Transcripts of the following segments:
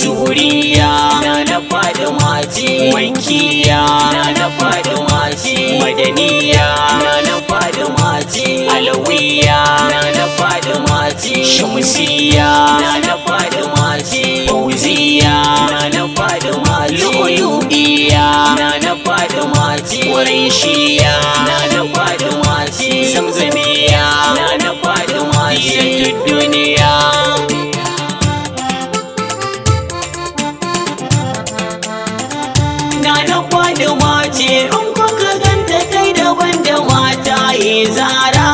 juriya na na faɗi maji wankiya na na faɗi maji madaniya na na faɗi alawiya na na faɗi na na shiya na na zamzamiya na na kwadin wasi duniya na na wace in kuka ganta kai da wanda mata yi zara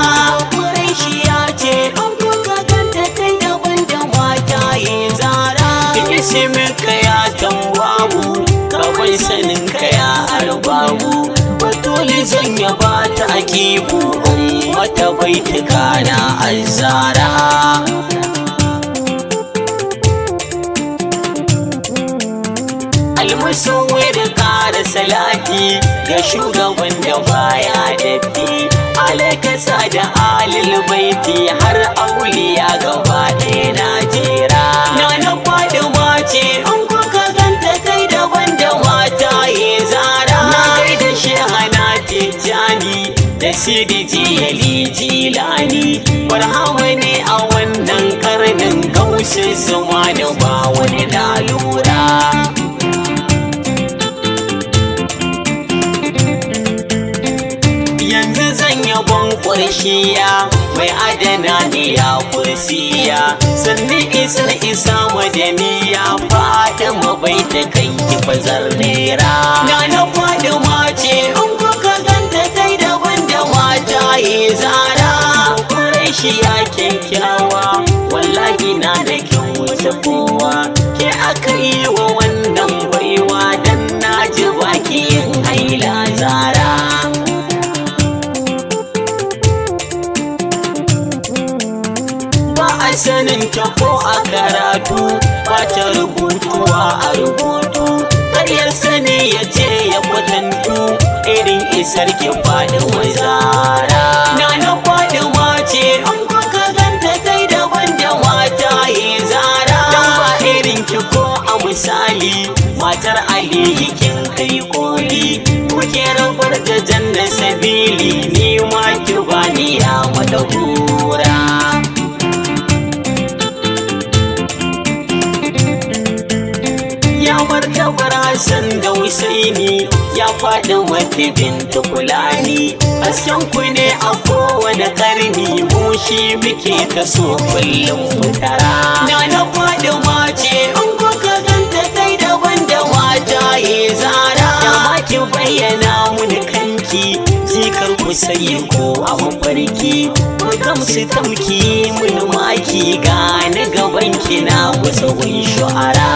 ihu ummata baitika na azzara da kara salati ga shugaban da baya da fi alakasa da alil baiti sidi jiyali jilani barhawa ne a wannan karnin gaushe zuma da ba wani lalura yanzu zan yabon ƙurshiya mai adana ne ya kursiya sannu isar isa madaniya fata bai da kai ki bazar nera na na ce. ce zuciya kyawa wallahi na da kyau wuce kowa ke aka yi wa wannan baiwa dan na ji baki yin haila zara ba a sanin ta ko a karatu ba ta rubutuwa a rubutu har ya sani ya ce ya kwatantu irin isar ke faɗi wazara misali matar alihi kin kai koli kuke rabar da janna sabili ni ma ki bani ya madahura ya bar da farasan da husaini ya faɗi wata binta kulani hasken ku ne a kowane karni mu shi muke kaso kullum mutara na na faɗi ma ce in bayyana muni kanki jikar ku sai ko a mafarki mu gamsu tamki mun maki ga na gaban ki na kusa wai shu'ara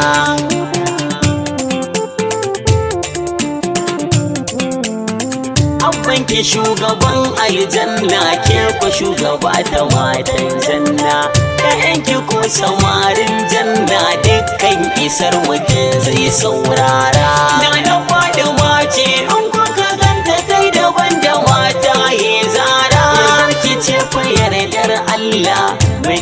Abban ki shugaban aljanna ke ku shugaba da matan janna ‘Ya'yanki ko samarin janna dukkan isar wakil zai saurara.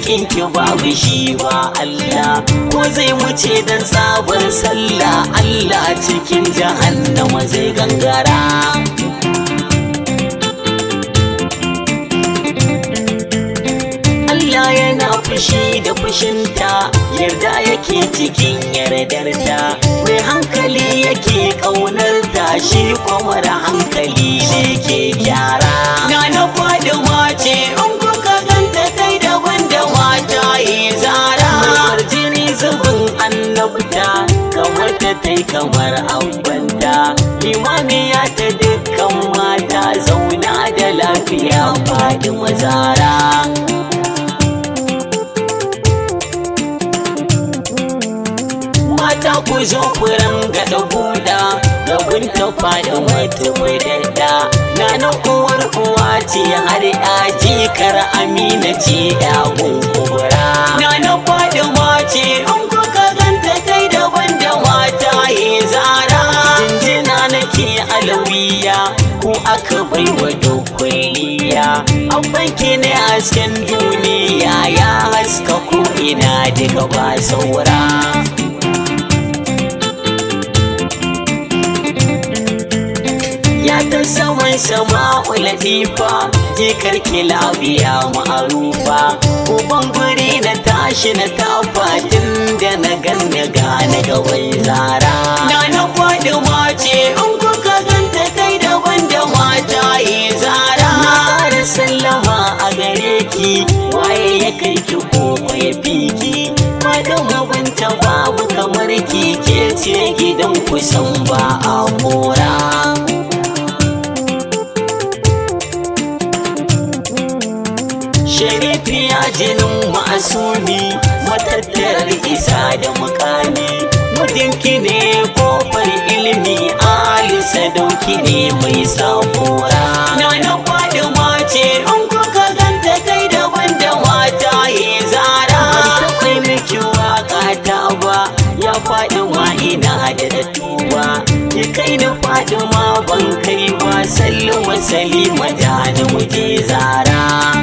kin ki babu shi ba Allah ko zai wuce dan sabon sallah Allah cikin jahannama zai gangara Allah yana fushi da fushinta yarda yake cikin yardar ta mai hankali yake ƙaunar ta shi kwamar hankali ne ke fita kamar ta tai kamar ambanta limami ya ta dukkan mata zauna da lafiya faɗi mazara mata ku zo furen gaɗa buɗa rabin ta faɗi wata mai daɗa na na kuwar kuwa ce har ya kar amina ce ya gungura aka bai wa dokuliya abban ki ne hasken duniya ya haska ko'ina ina daga ba saura ya ta saman sama latifa jikar kilabiya lafiya ma'arufa uban guri na tashi na tafa tun da na ganda gane gaban zara tattara isa da mukami mutunki ne kofar ilimi alisa dauki ne mai safura na na kwada mace An kuka ganta kai daban da mata yi zara kai miki waka ta ba ya faɗi wa ina da tuwa Ki kai na faɗi ma ban kai ba sallama salima da na muje zara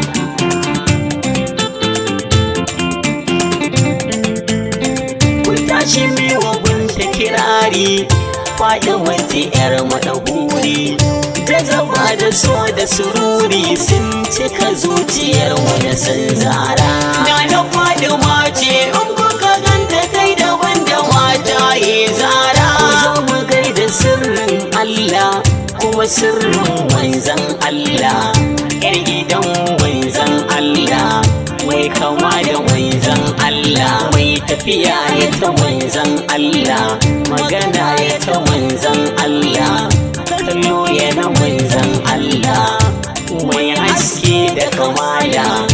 hashimi wa gunta kirari faɗin wanti yar maɗaguri da zama da so da sururi sun cika zuciyar wani san zara na na faɗi mace in kuka ganta kai daban wanda mata yi zara zo mu gaida sirrin Allah kuma sirrin wanzan Allah yar gidan wanzan Allah mai kama da wanzan Allah mai tafiya ya ta manzan Allah magana ya ta manzan Allah kallo ya na manzan Allah mai haske da kamala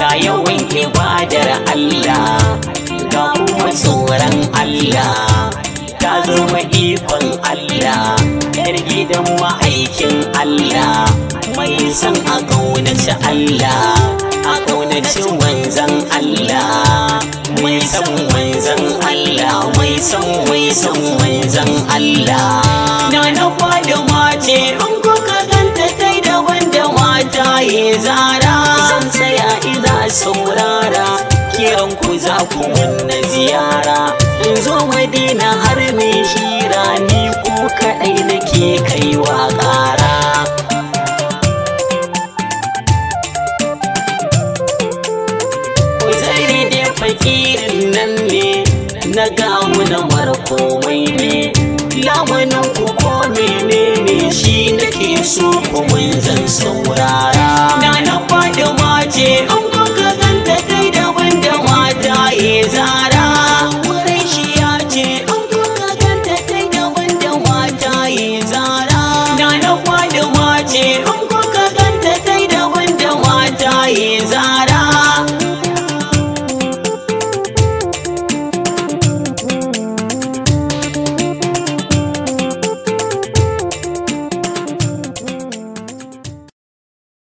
ga yawan ibadar Allah ga kuma tsoron Allah ta zama ikon Allah yar gidan ma'aikin Allah mai san a kaunaci Allah na ci wanzan Allah mai san wanzan Allah mai san mai san wanzan Allah na na kwada mace ko kuka ganta sai da wanda mata ya zara zan saya ina saurara kiran ku za ku mun ziyara in zo madina har me shi su kuma zan saurara